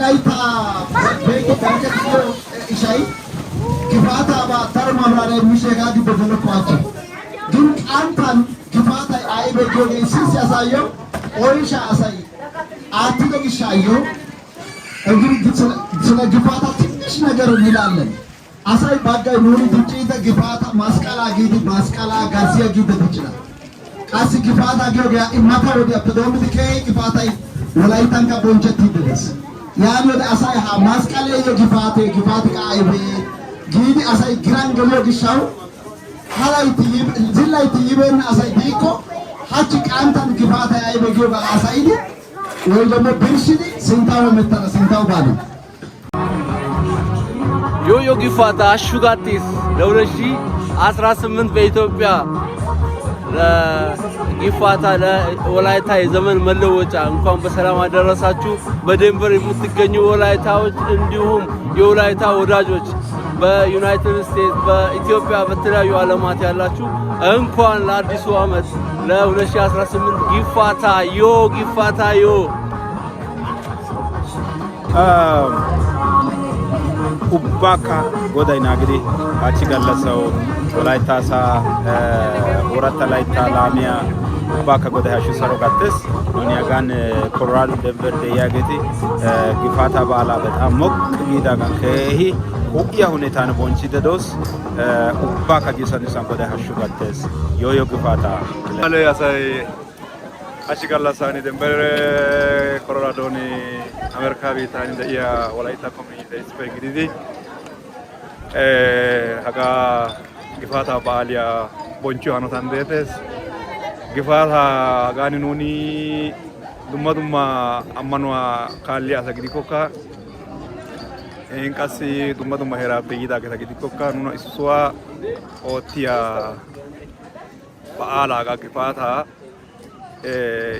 ወላይታ በኢትዮጵያ ጀክቶ እሻይ ግፋታ ወላይታን ከቦንቸት ይደረስ ያኖት አሳይ ሀ ማስቀለ የጊፋቴ ጊፋት ቃይቤ ጊዲ አሳይ ግራን ገሎ ግሻው ሀላይ ትይብ ዝላይ ትይበን አሳይ ዲኮ ሀች ቃንታን ጊፋት አይቤ ጊባ አሳይዲ ወይ ደግሞ ብርሽዲ ስንታው መተረ ስንታው ባሉ ዮዮ ጊፋታ አሹጋቲስ ለሁለት ሺህ አስራ ስምንት በኢትዮጵያ ጊፋታ ለወላይታ የዘመን መለወጫ እንኳን በሰላም አደረሳችሁ። በዴንቨር የምትገኙ ወላይታዎች እንዲሁም የወላይታ ወዳጆች በዩናይትድ ስቴትስ፣ በኢትዮጵያ፣ በተለያዩ ዓለማት ያላችሁ እንኳን ለአዲሱ ዓመት ለ2018 ጊፋታ ዮ ጊፋታ ዮ ኡባካ godayna gidi hachchi gallassawu wolaytta asaa ooratta layttaa laamiya ubbaakka goday hashshu saro gattes nuuni hagan koloraado denver de'iyaageeti gifaata baalaa betam moqqi giidaagan keehi huuphiya hunetan bonchchide doos ubbaakka gisan isan goday hashshu gattes yooyo gifaata male asay hachchi gallassan denver koloraadon amerka biittan de'iya wolaytta communityta issippe gididi hagaa gifaataa baaliya bonchchiyo hanotan deettes. Gifaataa hagaani nuuni dumma dumma ammanuwa kaalliya asa gidikkokka in qassi dumma dumma heeraappe yiidaageeta gidikkokka nuna issuwa oottiya ba'aala hagaa gifaataa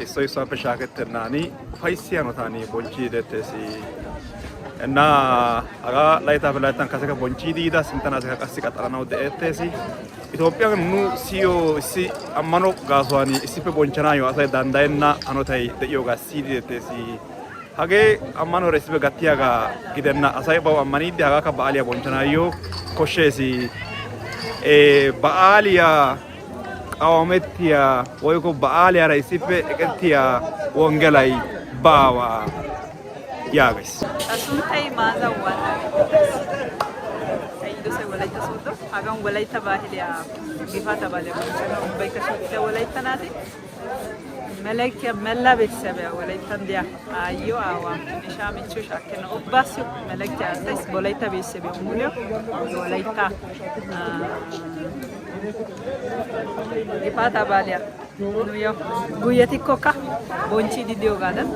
issoy issuwaappe shaakettennaani ufayssiya hanotan bonchchiidi deettees. እና aga laytaa fi layttaan kase boncii diida sintan as qassi qaxaranaw de'eettees Itoophiyaan nu siyo issi ammano gaasuwan issippe bonchchanaayo asay danddayenna hanotay de'iyoogaa siyidi deettees hagee ammanoora issippe gattiyaagaa gidenna asay bawu ammaniiddi hagaakka ba'aaliyaa bonchchanaayyo koshshees ba'aaliyaa qawamettiya woykko ba'aaliyaara issippe eqettiya wongelay baawa якось. Asuntai maza wana. Aido se walaita sundo, hagan walaita bahilia bifata bale. Baika sutta walaita nati. Melekya mella bitsebe walaitan dia. Ayo awa. Nisha michu shakken ubbasyo. Melekya atais walaita bitsebe umulyo. Walaita. Bifata balia. nu yaw guyyatikkoka bonchiidi diyogaadan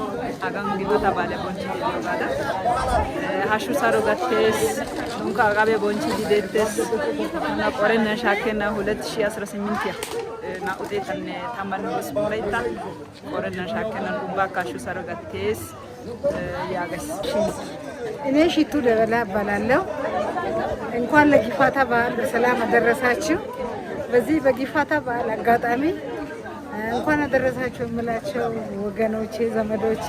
hagan gidota baale bonchiidi diyogaadan hashshu saro gattees dunka aqabe bonchiidi deettes na qorennan shaakkenna hulet shi asra simmintiya naa"u xeetanne tammanne hospun laytta qorennan shaakkennan ubbaakka hashshu saro gattees yaages እኔ ሽቱ ደበላ እባላለሁ። እንኳን ለጊፋታ በዓል በሰላም አደረሳችሁ። በዚህ በጊፋታ በዓል አጋጣሚ እንኳን አደረሳቸው የምላቸው ወገኖቼ፣ ዘመዶቼ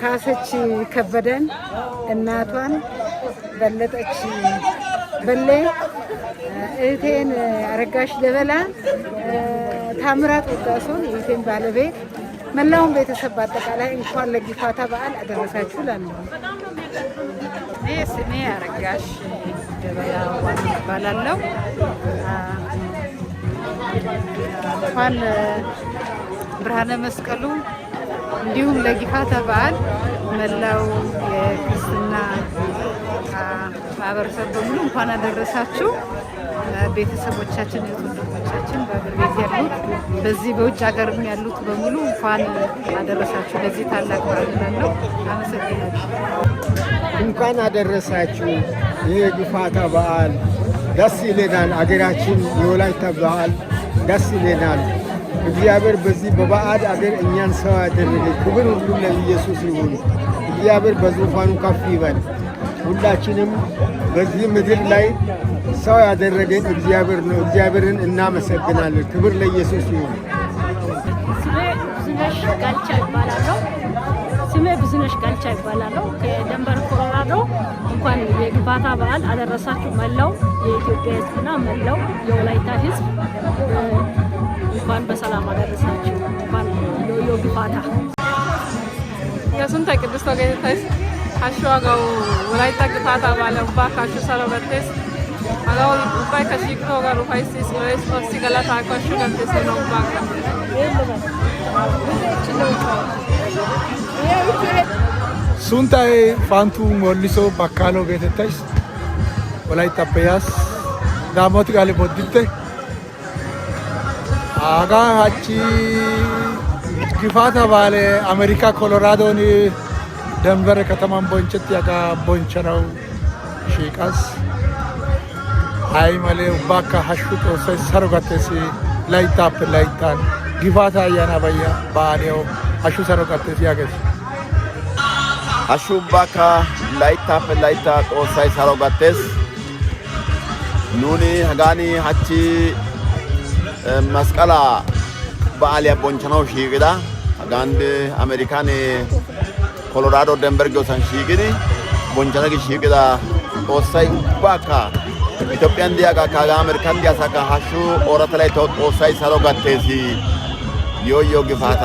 ካሰች ከበደን እናቷን በለጠች በሌ እህቴን አረጋሽ ደበላ ታምራት ወጋሶን እህቴን ባለቤት መላውን ቤተሰብ አጠቃላይ እንኳን ለጊፋታ በዓል አደረሳችሁ ላለ ስሜ አረጋሽ ደበላ ባላለው እንኳን ብርሃነ መስቀሉ እንዲሁም ለጊፋታ በዓል መላው የክርስትና ማህበረሰብ በሙሉ እንኳን አደረሳችሁ። ቤተሰቦቻችን፣ ወንድሞቻችን በአገር ቤት ያሉት በዚህ በውጭ ሀገርም ያሉት በሙሉ እንኳን አደረሳችሁ ለዚህ ታላቅ በዓል እላለሁ። አመሰግናለሁ። እንኳን አደረሳችሁ። ይህ የጊፋታ በዓል ደስ ይለናል። አገራችን የወላይታ በዓል ደስ ይለናል። እግዚአብሔር በዚህ በባዕድ አገር እኛን ሰው ያደረገ ክብር ሁሉ ለኢየሱስ ይሁን። እግዚአብሔር በዙፋኑ ከፍ ይበል። ሁላችንም በዚህ ምድር ላይ ሰው ያደረገ እግዚአብሔር ነው። እግዚአብሔርን እናመሰግናለን። ክብር ለኢየሱስ ይሁን። ስመሽ ጋልቻ ይባላለሁ። ከደንበር ኮሎራዶ። እንኳን የግንባታ በዓል አደረሳችሁ መላው የኢትዮጵያ ሕዝብና መላው የወላይታ ሕዝብ እንኳን በሰላም አደረሳችሁ። እንኳን ዮዮ ግንባታ የሱንተ ቅዱስ ተገኝተስ አሸዋጋው ወላይታ ግንባታ ባለባ ካሹ ሰረበቴስ አጋው ರೂಪಾಯಿ ಕಸಿಗೂ ಹೋಗ ರೂಪಾಯಿ ಸಿಗಲ್ಲ ಸಿಗಲ್ಲ ಸಾಕಷ್ಟು ಕಲ್ತಿಸಿ ಹೋಗ್ಬಾಗ ሱንታይ ፋንቱ ሞሊሶ ባካሎ ጌተታይስ ወላይታ ፔያስ ዳሞት ጋሌ ቦዲቴ አጋ ሀቺ ግፋታ ባለ አሜሪካ ኮሎራዶን ደንቨር ከተማን ቦንቸት ያጋ ቦንቸነው ሺቃስ haimale ubbakka hashshu xoossay saro gattesi layttaappe layttan gifaata ayyaana bayya baaliyawu hashshu saro gattes yaages hashshu ubbakka layttaappe laytta xoossay saro gattes nuuni hagaani hachchi masqalaa ba'aaliyaa bonchchanawu shiiqida hagan amerikan kolorado denbergiyosan shiiqidi bonchchana gi shiiqida xoossay ubbakka ኢትዮጵያን ዲያጋ ካጋምር ከን ዲያሳካ ሀሹ ኦረት ላይ ተወጦሳይ ሰሮ ጋቴሲ ዮዮ ግፋታ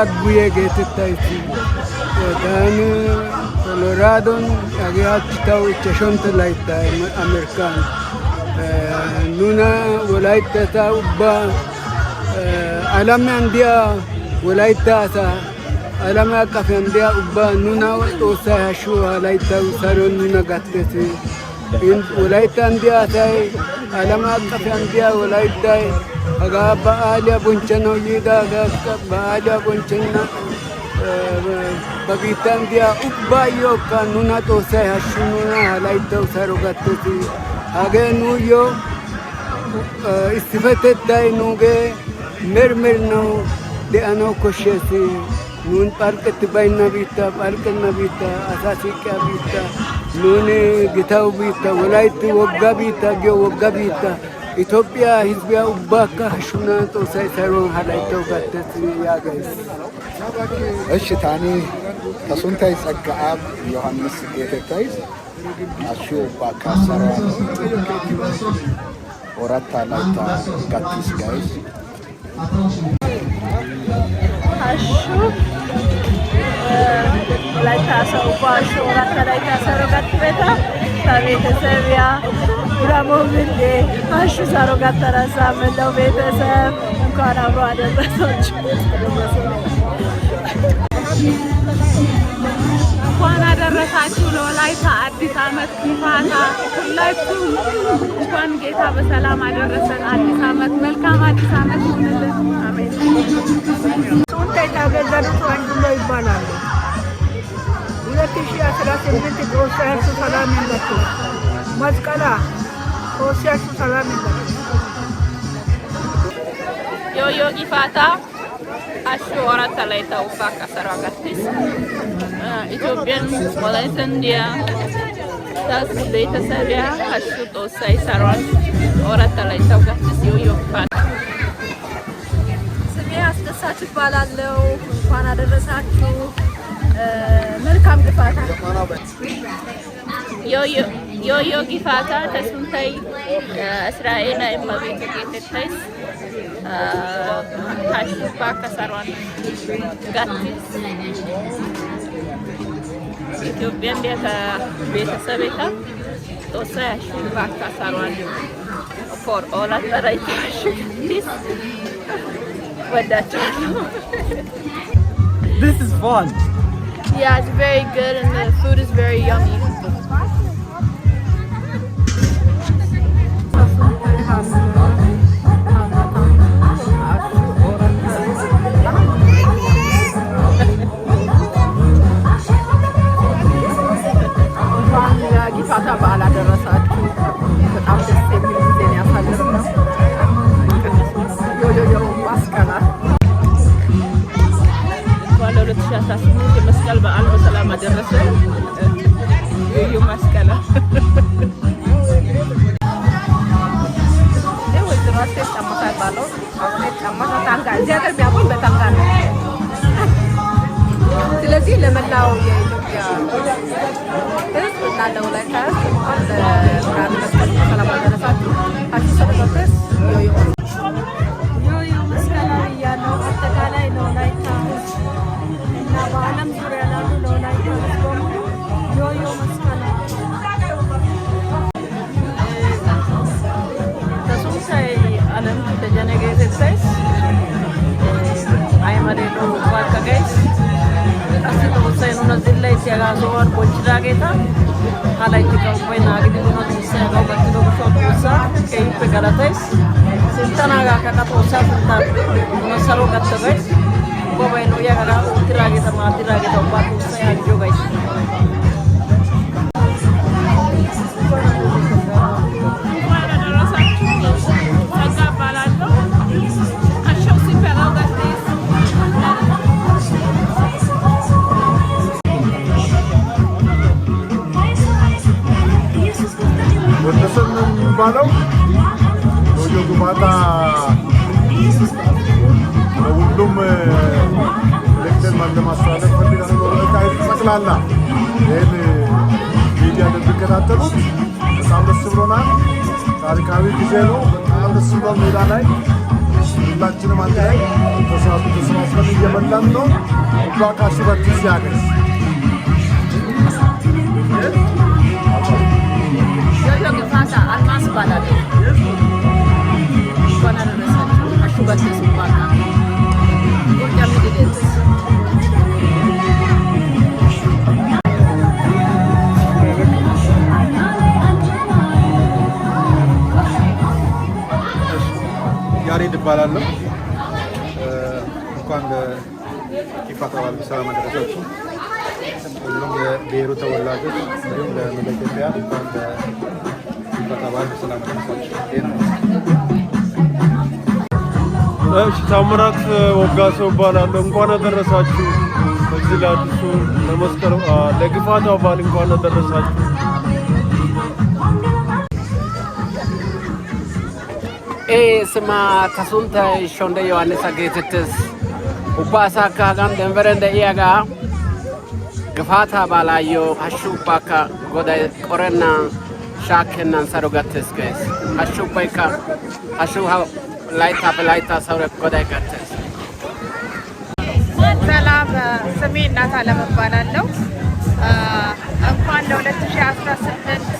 አጉዬ ጌትታይሲ ዳን ኮሎራዶን አገያችታው ቸሾምት ላይታ አሜሪካን ኑና ወላይተታ ኡባ አላሜ አንዲያ ወላይታሳ አላሜ አቀፌ አንዲያ ኡባ ኑና ጦሳ ሀሹ ላይታው ሰሮን ኑና ጋቴሲ wolaytta andiyaasay alama aqafe andiyaa wolayttay hagaa ba'aaliyaa bonchchanawu yiidaagaa ba'aaliyaa bonchchenna ba biittan diya ubbaayyookka nuna xoossay hashshu nuna ha layttawu saro gattees hagee nuuyyo issifetettay nuugee mermerinawu de'anawu koshshees nun phalqqetti baynna biittaa phalqqenna biittaa asaa siiqqiya biittaa ኑን ጌታው ቢታ ወላይት ወጋ ቢታ ጌ ወጋ ቢታ ኢትዮጵያ ህዝቢያ ኡባካ ሹና ጦሳይ ሳይሮን ሀላይተው ጋተት ያገይስ እሺ ታኒ ተሱንታይ ጸጋአብ ዮሐንስ ጌተታይስ አሹ ኡባካ ሰራ ወራታ ላይታ ጋቲስ ጋይስ አሹ ወላይታ ሰውባሽ ወራት ወላይታ ሰሮጋት ቤታ ከቤተሰብ ያ ደግሞ ምንዴ አሹ ሰሮጋት ተረሳ ምለው ቤተሰብ እንኳን አብሮ አደረሳችሁ። እንኳን አደረሳችሁ ለወላይታ አዲስ ዓመት ፋታ ሁላችሁ እንኳን ጌታ በሰላም አደረሰን። አዲስ ዓመት መልካም አዲስ ዓመት ይሁንልን። አሜን። ያገለሉት አንዱ ነው ይባላሉ። ሁለት ሺ አስራ ስምንት ተወሳያችሁ ሰላም ይላችሁ። መስቀላ ተወሳያችሁ ሰላም ይላችሁ። ዮዮ ጊፋታ አሹ ወራታ ላይ ታውፋ ከሰራጋትስ ኢትዮጵያን ወላይተንዲያ ታስ ቤተሰቢያ አሹ ተወሳይ ሰሯል ወራታ ላይ ታውጋትስ ዮዮ ጊፋታ አስደሳች ይባላለው። እንኳን አደረሳችሁ። መልካም ግፋታ። ዮዮ ጊፋታ ተሱንታይ እስራኤል እመቤት ጌትተይ ታሽባ ከሰሯን ጋትስ ኢትዮጵያ እንዲያተ ቤተሰቤታ ጦሳ ያሽባ ከሰሯን ፎር ኦላት ጠረይታ ሽጋትስ this is fun. Yeah, it's very good and the food is very yummy. guys babayin o yan ala tiragita mga tiragita o bato sa yan guys Buntasan ng balaw? O yung gumata ለሁሉም ኤሌክሽን ለማስተላለፍ ፈልጋለሁ። በመለካየት ጠቅላላ ይህን ሚዲያ እንደሚከታተሉት በጣም ደስ ብሎናል። ታሪካዊ ጊዜ ነው። በጣም ደስ ብሎ ሜዳ ላይ ሁላችንም አንድ ላይ ተሰባስበን እየበላን ነው። ሁሉ አካሽ በትስ ይባላል ያሬድ እባላለሁ። እንኳን ለኢፋታ በዓል በሰላም አደረሳችሁ። ሁሉም የብሔሩ ተወላጆች እንዲሁም ለመላ ኢትዮጵያ እንኳን ለኢፋታ በዓል በሰላም አደረሳችሁ። እሺ፣ ታምራት ወጋሶ እባላለሁ። እንኳን አደረሳችሁ። በዚህ ለአዲሱ ለመስቀል ለግፋታ በዓል እንኳን አደረሳችሁ። ስማ ከሱንተ ሾንደ ዮሐንስ አጌትትስ ኡባሳካ ጋም ደንበረን ደኢያጋ ግፋታ ባላዮ አሹ ባካ ጎዳ ቆረና ሻከናን ሰሮጋትስ ገስ አሹ ባይካ አሹ ላይታ በላይታ ሰረ ጎዳ ይጋትስ ሰላም፣ ስሜ እናት አለመባላለሁ እንኳን ለ2018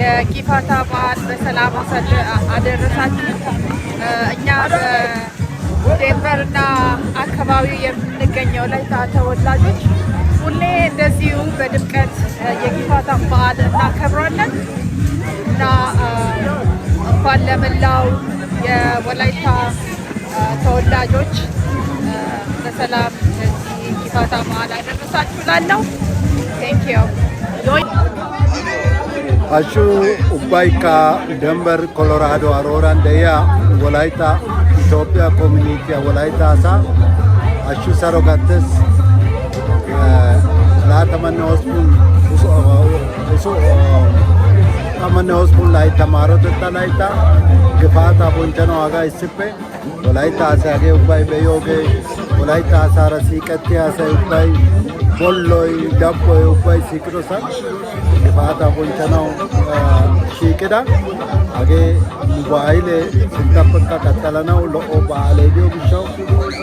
የጊፋታ በዓል በሰላም አደረሳችሁ። እኛ በዴንቨር እና አካባቢው የምንገኘው ላይ ተወላጆች ሁሌ እንደዚሁ በድምቀት የጊፋታ በዓል እናከብራለን እና እንኳን ለመላው የወላይታ ተወላጆች በሰላም ለዚህ ጊፋታ በዓል አደረሳችሁ ላለው ዩ Hashshu ubbaykka Denver, Colorado, Arooran de'iya Wolaytta Itoophiyaa kominitiya Wolaytta asaa hashshu saro gattes. laatamanne hospun tammanne hospun laytta maarotetta laytta gifaataa bonchchanawu hagaa issippe Wolaytta asay hagee ubbay be'iyoogee Wolaytta asaara siiqettiya asay ubbay bolloy dabboy ubbay siiqidosan በአዳ ቦንቸናው ሺቅዳ አጌ ሙባይሌ ስንጠበቃ ቀጠለነው ለኦ በአሌዲዮ ብሻው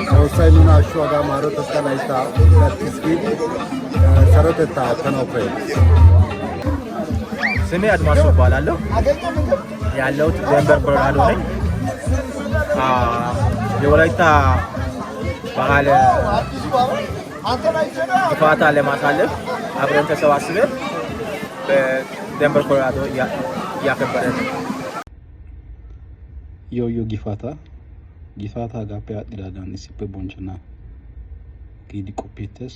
ተወሳይ ኑና አሹ ማሮ ተጠናይታ ዳትስኪ ሰረተታ ስሜ አድማሱ እባላለሁ። ያለሁት ደንበር ኮሎራዶ ነኝ። የወላይታ ባህል ፋታ ለማሳለፍ አብረን ተሰባስበን በደንቨር ኮሎራዶ እያከበረ ነው። ዮዮ ጊፋታ ጊፋታ አጋፔ አጥዳዳን ኢሲፔ ቦንቸና ጌዲ ቆፔተስ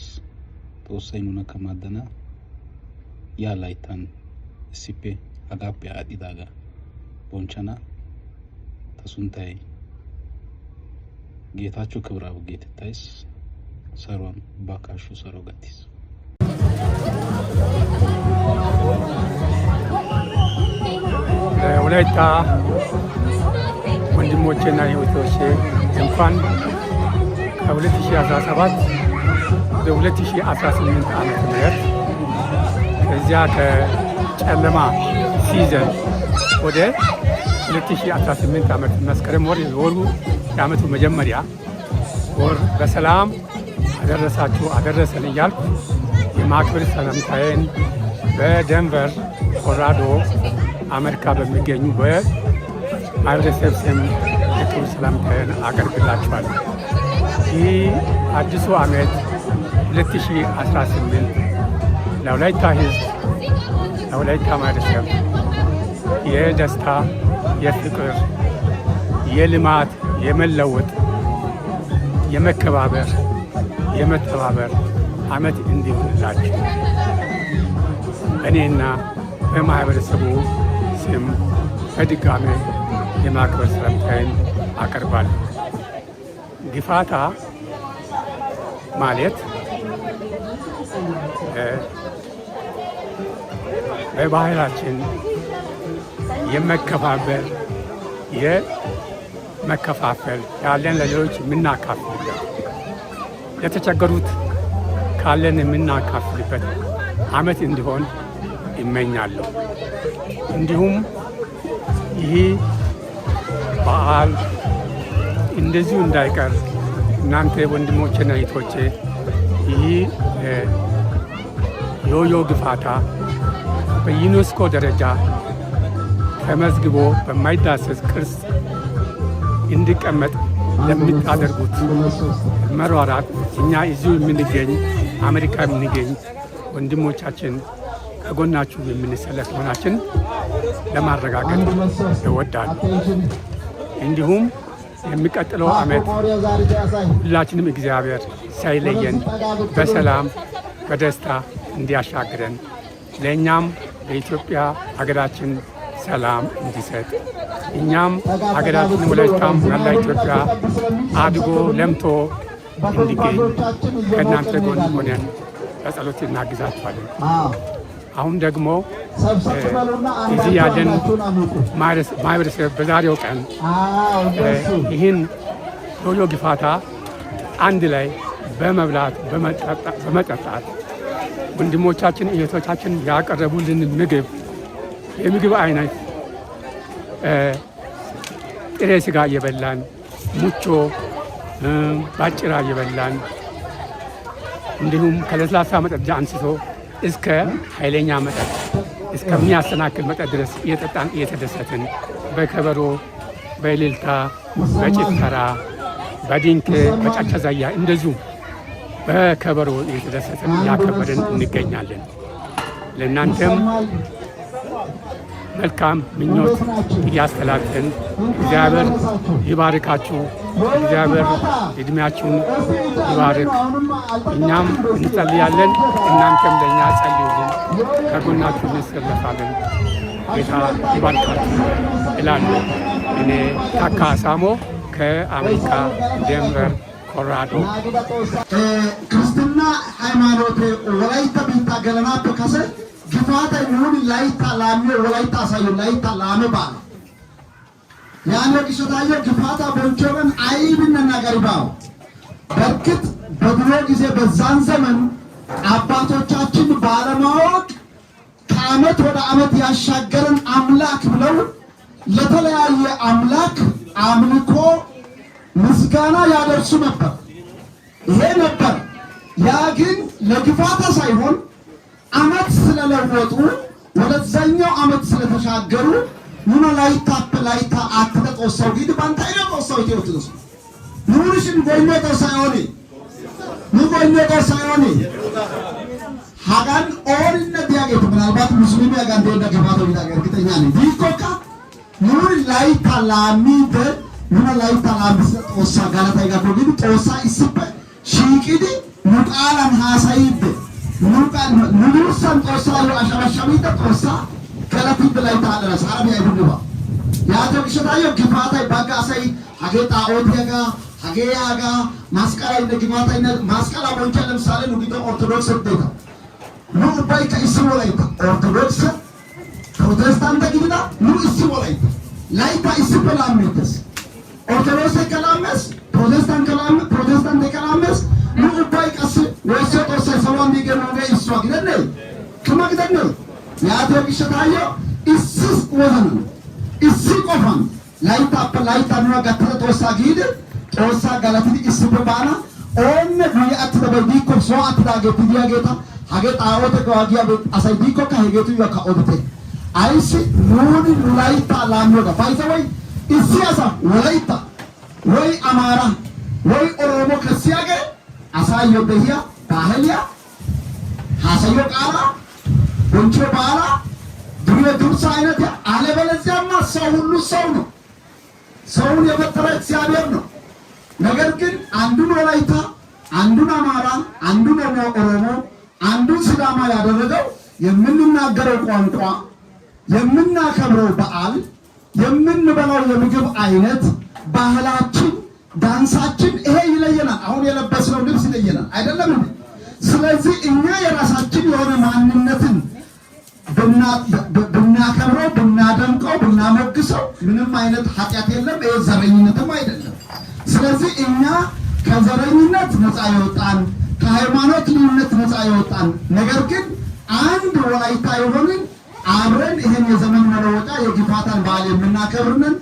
ተወሳኙነ ከማደና ያ ላይታን ኢሲፔ አጋፔ አጥዳጋ ቦንቸና ተሱንታይ ጌታቸው ክብራብ ጌትታይስ ሰሮን ባካሹ ሰሮ ገቲስ ወላይታ ወንድሞቼና እህቶቼ እንኳን ከ2017 በ2018 ዓመተ ምህረት ከዚያ ከጨለማ ሲዘን ወደ 2018 ዓመት መስከረም ወር የወሩ የዓመቱ መጀመሪያ ወር በሰላም አደረሳችሁ አደረሰን እያልኩ የማክበር ሰላምታዬን በደንቨር ኮሎራዶ አሜሪካ በሚገኙ በአርኤስኤፍ ስም የክብር ሰላምታዬን አቀርብላችኋለሁ። ይህ አዲሱ ዓመት 2018 ለወላይታ ሕዝብ ለወላይታ ማህበረሰብ የደስታ፣ የፍቅር፣ የልማት፣ የመለወጥ፣ የመከባበር፣ የመተባበር ዓመት እንዲሆንላችሁ እኔና በማህበረሰቡ ስም በድጋሜ የማክበር ሰላምታዬን አቀርባለሁ። ግፋታ ማለት በባህላችን የመከፋበል የመከፋፈል ያለን ለሌሎች የምናካፍልበት ለተቸገሩት ካለን የምናካፍልበት ዓመት እንዲሆን እመኛለሁ። እንዲሁም ይሄ በዓል እንደዚሁ እንዳይቀር እናንተ ወንድሞቼና እህቶቼ ይህ ዮዮ ግፋታ በዩኔስኮ ደረጃ ተመዝግቦ በማይዳሰስ ቅርስ እንዲቀመጥ ለምታደርጉት መሯራት እኛ እዚሁ የምንገኝ አሜሪካ የምንገኝ ወንድሞቻችን ከጎናችሁ የምንሰለፍ መሆናችን ለማረጋገጥ እወዳለሁ። እንዲሁም የሚቀጥለው ዓመት ሁላችንም እግዚአብሔር ሳይለየን በሰላም በደስታ እንዲያሻግረን ለእኛም ለኢትዮጵያ ሀገራችን ሰላም እንዲሰጥ እኛም ሀገራችን ወላይታም መላ ኢትዮጵያ አድጎ ለምቶ እንዲገኝ ከእናንተ ጎን ሆነን በጸሎት እናግዛችኋለን። አሁን ደግሞ እዚህ ያለን ማህበረሰብ በዛሬው ቀን ይህን ዶሎ ግፋታ አንድ ላይ በመብላት በመጠጣት ወንድሞቻችን እህቶቻችን ያቀረቡልን ምግብ የምግብ አይነት ጥሬ ስጋ እየበላን ሙቾ ባጭራ እየበላን እንዲሁም ከለስላሳ መጠጃ አንስቶ እስከ ኃይለኛ መጠጥ እስከሚያሰናክል መጠጥ ድረስ እየጠጣን እየተደሰትን በከበሮ፣ በሌልታ፣ በጭፈራ፣ በድንክ፣ በጫጫዛያ ዛያ እንደዚሁ በከበሮ እየተደሰትን እያከበርን እንገኛለን። ለእናንተም መልካም ምኞት እያስተላልፈን እግዚአብሔር ይባርካችሁ። እግዚአብሔር እድሜያችሁን ይባርክ። እኛም እንጸልያለን፣ እናንተም ለእኛ ጸልዩልን። ከጎናችሁ እንሰለፋለን። ጌታ ይባርካችሁ እላለሁ። እኔ ታካ ሳሞ ከአሜሪካ ደንቨር ኮሎራዶ። ክርስትና ሃይማኖት ወላይታ ቢታ ከሰ ግፋተ ይሁን ላይታ ላሜ ወላይታ ሳዩ ላይታ ላሜ ባለ ያለ ቂሶታየ ግፋታ ቦንቾን አይብን ነገር ባው በርግጥ በድሮ ጊዜ በዛን ዘመን አባቶቻችን ባለማወቅ ከዓመት ወደ አመት ያሻገረን አምላክ ብለው ለተለያየ አምላክ አምልኮ ምስጋና ያደርሱ ነበር። ይሄ ነበር ያ ግን ለግፋታ ሳይሆን አመት ስለለወጡ ወደዛኛው አመት ስለተሻገሩ ኑኖ ላይታ ላይታ አትተቆ ሰው ሂድ ባንታ ይለቆ ሰው ይተውት ነው ኑርሽን ሳይሆን ንጎይነቶ ሳይሆን ሀጋን ኦልነት ያገት ምናልባት ሙስሊም ያጋን ደወደ ገባቶ ይዳገ እርግጠኛ ነኝ ቢኮካ ኑር ላይታ ላሚደ ኑኖ ላይታ ላሚሰ ጦሳ ጋላታ ይጋቶ ግን ጦሳ ይስበ ሺቂድ ሙቃላን ሀሳይብ Lukan, lulusan ko sa lalo asara shamita ko sa kalapit na lang taala na sa arabi ay bunuwa. Yatong siya tayo, gimatay baga say, hage taon niya ka, hage aga, maskara ina gimatay na, maskara mo siya lang sali, lugito orthodox at dito. Lubay ka isimulay ta, orthodox እባይ ቀስ ወሰ ጦሰ ሰቦ የሚገር እሷ ግደነ ክመ ግደነ የአቶ ጊሸታዮ እስስ ወዘነ እስ ቆፋን ላይታፈ ላይታኑና ገተተ ጦሳ ጊድ ጦሳ ገለትት እሱበ ባና ኦነ ጉያ አትደበይ ዲኮ ሰው አትዳገት ዲያጌታ ሀገ ጣዖተ ገዋጊያ አሳይ ዲኮ ከሄጌቱ ያካ ኦብቴ አይሲ ኑኒ ላይታ ላምኖጋ ባይሰወይ እሲ አሳ ወላይታ ወይ አማራ ወይ ኦሮሞ ከሲያገ አሳዮ በሂያ ባህልያ ሀሰዮ ቃላ ወንቾ ባላ ድሮ ዱርሳ አይነት አለበለዚያማ ሰው ሁሉ ሰው ነው። ሰውን የፈጠረ እግዚአብሔር ነው። ነገር ግን አንዱን ወላይታ፣ አንዱን አማራ፣ አንዱን ኦሮሞ፣ አንዱን ሲዳማ ያደረገው የምንናገረው ቋንቋ፣ የምናከብረው በዓል፣ የምንበላው የምግብ አይነት ባህላችን ዳንሳችን ይሄ ይለየናል። አሁን የለበስነው ልብስ ይለየናል አይደለም። ስለዚህ እኛ የራሳችን የሆነ ማንነትን ብናከብረው፣ ብናደምቀው፣ ብናሞግሰው ምንም አይነት ኃጢአት የለም። ይሄ ዘረኝነትም አይደለም። ስለዚህ እኛ ከዘረኝነት ነፃ የወጣን ከሃይማኖት ልዩነት ነፃ የወጣን ነገር ግን አንድ ወላይታ የሆንን አብረን ይህን የዘመን መለወጫ የጊፋታን በዓል የምናከብርንን